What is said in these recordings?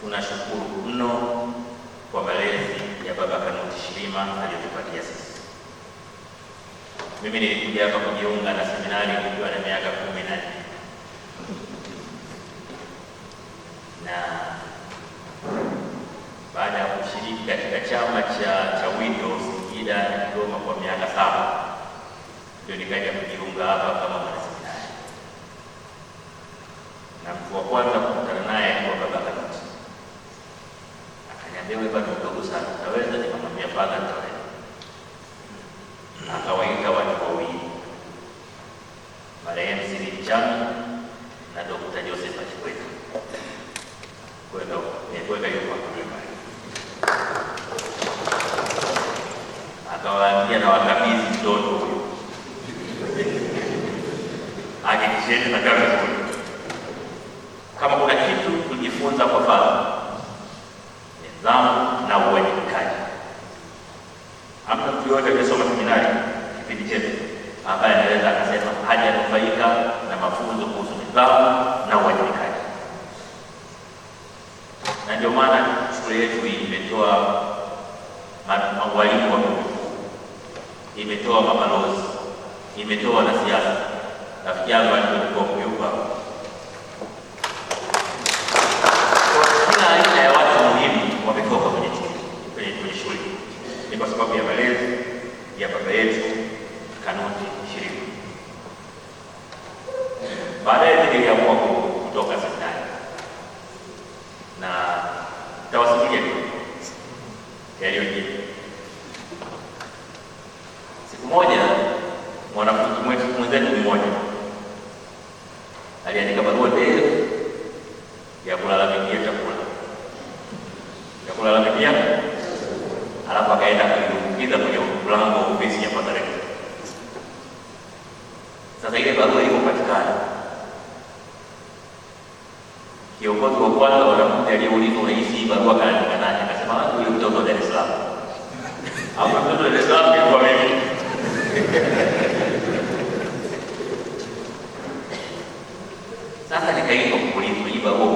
Tunashukuru mno kwa malezi ya Baba Kanuti Shirima aliyotupatia sisi. Mimi nilikuja hapa kujiunga na seminari nikiwa na miaka kumi na nne na baada ya kushiriki katika chama cha cha Windo Singida na Kigoma kwa miaka saba ndio nikaja kujiunga hapa kama akawaita watu wawili, marehemu Sidi Mchana na Dr. Joseph Kikwete kwenda eh, yukoakulima, akawaambia na wakabidhi mtoto huyu, hakikisheni nakaa vizuri. Kama kuna kitu kujifunza kwa baba, nidhamu na uwajibikaji. Hamna mtu yoyote aliyesoma seminari kipindi chetu ambaye anaweza akasema hajanufaika na mafunzo kuhusu nidhamu na uwajibikaji, na ndio maana shule yetu imetoa mawalimu wa imetoa mabalozi, imetoa wanasiasa. Rafiki yangu alikuwa Baadaye niliamua kutoka sekondari na tawasilia yaliyojiri. Siku moja mwanafunzi mwenzetu mmoja aliandika barua ndefu ya kulalamikia chakula ya kulalamikia, alafu akaenda kuidumbukiza kwenye mlango wa ofisi ya Sasa ile barua Kiongozi wa kwanza wanafunzi aliyeulizwa unahisi barua kaandikanaje, akasema ah, yule mtoto Dar es Salaam au mtoto Dar es Salaam nilikuwa mimi. Sasa nikaitwa kuulizwa hii barua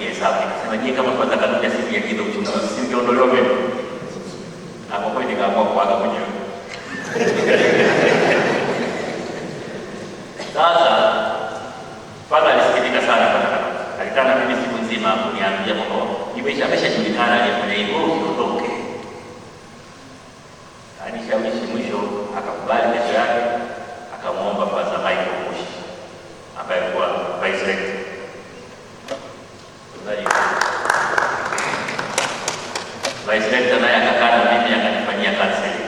Yes, hapo nikasema je, kama kwanza kanuni ya sisi ya kido uchunguzi singeondolewa mimi. Hapo kwa nikaamua kuaga mwenyewe. Sasa Father alisikitika sana kwa sababu alikaa na mimi siku nzima kuniambia kwamba nimesha ameshajulikana aliyefanya hivyo, usiondoke. Anishawishi Vice Rector naye akakaa na mimi akanifanyia counseling.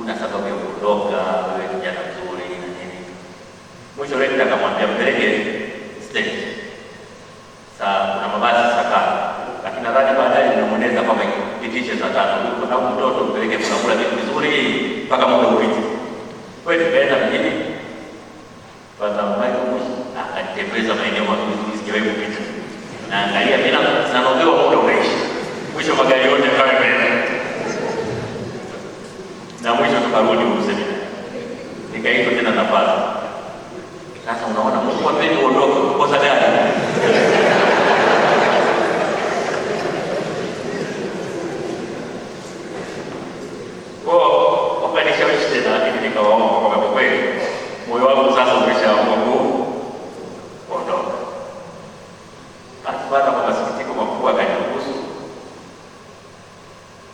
Una sababu ya kuondoka wewe, kijana mzuri na nini. Mwisho Rector akamwambia mpeleke stage. Sasa kuna mabasi saa lakini nadhani baadaye nimemweleza kwamba ipitishe saa tano na huyu mtoto mpeleke kunakula vitu vizuri mpaka muda upite. Kwa hiyo tukaenda mjini kwanza, Michael Bush akanitembeza maeneo mazuri sijawahi kupita, naangalia mimi na naogewa muda mwisho magari yote yakawa mbele na mwisho tukarudi uzima, nikaitwa tena nafasi. Sasa unaona Mungu apeni uondoke kukosa gari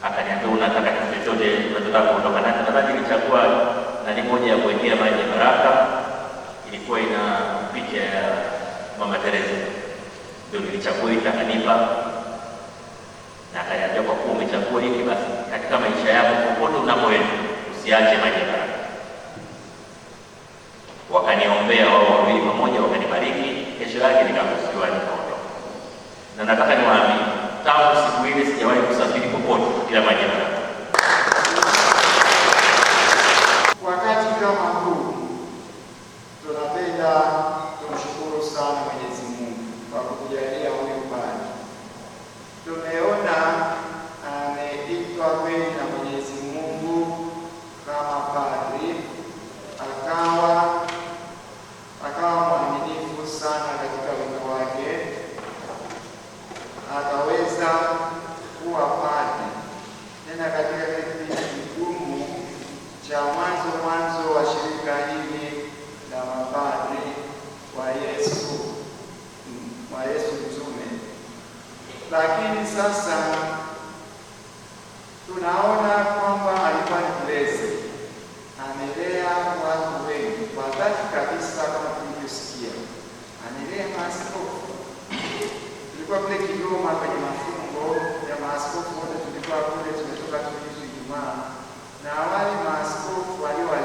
akaniambia unataka kitu chochote unachotaka kuondoka nacho. Nadhani nilichagua nani moja ya kuwekea maji ya baraka, ilikuwa ina picha ya Mama Teresa, ndio nilichagua hili, akanipa na akaniambia, kwa kuwa umechagua basi katika maisha yako popote unapoenda usiache maji ya baraka. Wakaniombea wao wawili pamoja, wakanibariki. Kesho yake nikakusiwa nikaondoka, na nataka niwaambie Hakika tumshukuru sana Mwenyezi Mungu kwa kukujalia huyu bwana. Tumeona ameitwa kweli na Mwenyezi Mungu kama padri, akawa akawa mwaminifu sana katika wito wake, akaweza kuwa padri tena katika kipindi kigumu cha tunaona kwamba alikuwa ni mlezi, amelea watu wengi kwa dhati kabisa, kama tulivyosikia, amelea maaskofu. Tulikuwa kule Kigoma kwenye mafungo ya maaskofu wote, tulikuwa kule, tumetoka tulizi Ijumaa na wale maaskofu walio